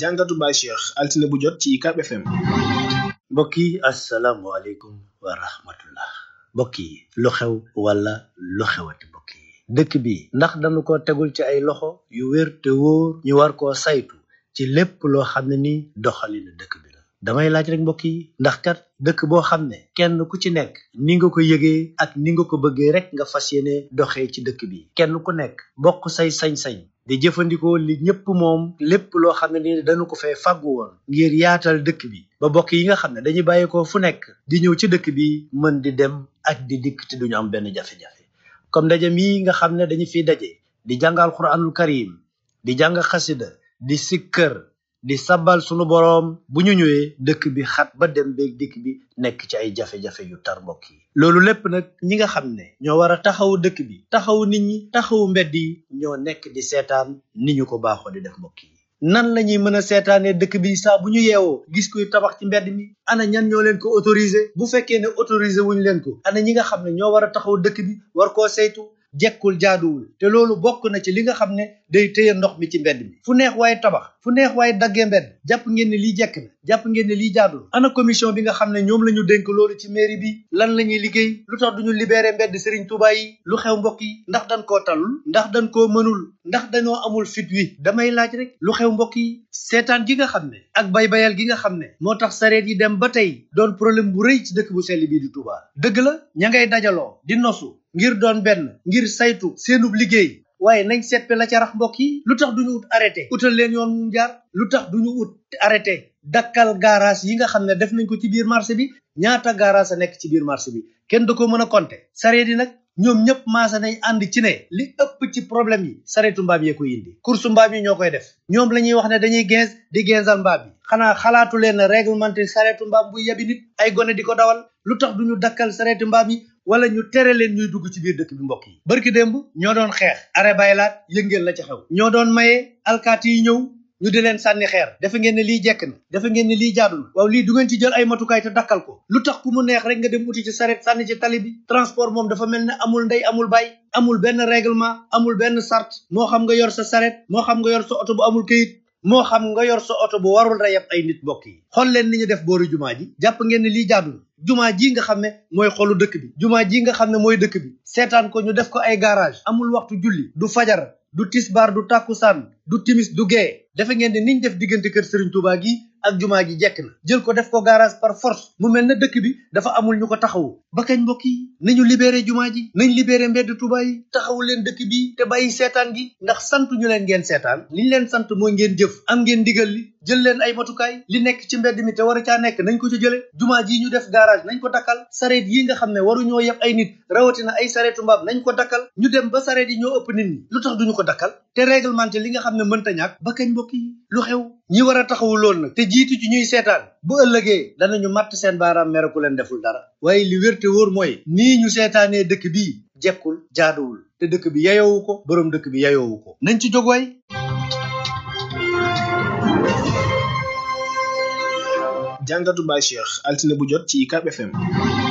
jàngatu Baye Cheikh altine bu jot ci UCAB FM. mbokk yi asalaamualeykum wa rahmatullah mbokk yi lu xew wala lu xewati mbokk dëkk bi ndax dañu ko tegul ci ay loxo yu wér te wóor ñu war ko saytu ci lépp loo xam ne ni doxalinu dëkk bi la damay laaj rek mbokk yi ndax kat dëkk boo xam ne kenn ku ci nekk ni nga ko yëgee ak ni nga ko bëggee rek nga fas yéene doxee ci dëkk bi kenn ku nekk bokk say sañ-sañ di jëfandikoo li ñëpp moom lépp loo xam ne ni dañu ko fee fàggu woon ngir yaatal dëkk bi ba bokk yi nga xam ne dañuy bàyyi ko fu nekk di ñëw ci dëkk bi mën di dem ak di dikk te duñu am benn jafe-jafe comme ndaje mii nga xam ne dañu fi daje di jàngal Quraanul Karim di jàng xasida di sikkër di sabal sunu boroom bu ñu ñëwee dëkk bi xat ba dem beeg dikk bi nekk ci ay jafe-jafe yu tar mbokk yi loolu lépp nag ñi nga xam ne ñoo war a taxawu dëkk bi taxawu nit ñi taxawu mbedd yi ñoo nekk di seetaan ni ñu ko baaxoo di def mbokk yi nan la ñuy mën a seetaanee dëkk bi saa bu ñu yeewoo gis kuy tabax ci mbedd mi ana ñan ñoo leen ko autorisé bu fekkee ne autorisé wuñ leen ko ana ñi nga xam ne ñoo war a taxaw dëkk bi war koo saytu jekkul jaaduwul te loolu bokk na ci li nga xam ne day téye ndox mi ci mbedd mi fu neex waaye tabax fu neex waaye daggee mbedd jàpp ngeen ne lii jekk na jàpp ngeen ne lii jaadul ana commission bi nga xam ne ñoom lañu ñu dénk loolu ci mairie bi lan la ñuy liggéey lu tax duñu libéré mbedd sëriñ Touba yi lu xew mbokk yi ndax dañ koo talul ndax dañ koo mënul ndax dañoo amul fit wi damay laaj rek lu xew mbokk yi seetaan gi nga xam ne ak bay baybayal gi nga xam ne moo tax sareet yi dem ba tey doon problème bu rëy ci dëkk bu sell bii di Touba dëgg la ña ngay dajaloo di nosu ngir doon benn ngir saytu seenub liggéey waaye nañ seppe la ca rax mbokk yi lu tax du ñu arrêté utal leen yoon mu lu tax duñu ut arrêté dakkal garage yi nga xam ne def nañ ko ci biir marché bi ñaata garage a nekk ci biir marché bi kenn da ko mën a compter sareet yi nag ñoom ñëpp maasa nañ ànd ci ne li ëpp ci problème yi sareetu mbam yee koy indi course mbam yi ñoo koy def ñoom la ñuy wax ne dañuy gens di gensal mbaam yi xanaa xalaatu leen réglementé sareetu mbaam bu yabi nit ay gone di ko dawal lu tax duñu dakkal sareetu mbaam yi wala ñu tere leen ñuy dugg ci biir dëkk bi mbokk yi barki démb ñoo doon xeex are baylaat yëngeen la ci xew ñoo doon maye alkaati yi ñëw ñu di leen sànni xeer dafa ngeen ne lii jekk na dafa ngeen ne lii jaadul waaw lii du ci jël ay matukaay te dakkal ko lu tax ku mu neex rek nga dem uti ci saret sànni ci tali bi transport moom dafa mel ne amul ndey amul bay amul benn règlement amul benn sart moo xam nga yor sa saret moo xam nga yor sa oto bu amul këyit moo xam nga yor sa oto bu warul rayab ay nit mbokk yi xool leen ni ñu def booru jumaa ji jàpp ngeen ne lii jaadu jumaa ji nga xam ne mooy xolu dëkk bi jumaa ji nga xam ne mooy dëkk bi seetaan ko ñu def ko ay garage amul waxtu julli du fajar du tisbaar du tàkkusaan du timis du gee defe ngeen ni niñ def diggante kër Serigne tubaa gi ak jumaa ji jekk na jël ko def ko garage par force mu mel na dëkk bi dafa amul ñu ko taxawu ba kañ mbokk yi nañu libéré jumaa ji nañ libéré mbedd Tuubaa yi taxawu leen dëkk bi te bàyyi seetaan gi ndax sant ñu leen ngeen seetaan liñ leen sant mooy ngeen jëf am ngeen ndigal li jël leen ay matukaay li nekk ci mbedd mi te war a caa nekk nañ ko ci jële jumaa ji ñu def garage nañ ko dakkal sareet yi nga xam ne waruñoo yeb ay nit rawatina ay sareetu mbaam nañ ko dakkal ñu dem ba sareet yi ñoo ëpp nit ñi lu tax duñu ko dakkal te réglementé li nga xam ne mënta ñàkk mbokk yi lu xew ñi war a taxawu loolu nag te jiitu ju ñuy seetaan bu ëllëgee danañu matt seen baaraam mere leen deful dara waaye li wér te wóor mooy nii ñu seetaanee dëkk bi jekkul jaaduwul te dëkk bi yayoowu ko boroom dëkk bi yayoowu ko nañ ci jóg waay jàngatu Baye altine bu jot ci UCAB FM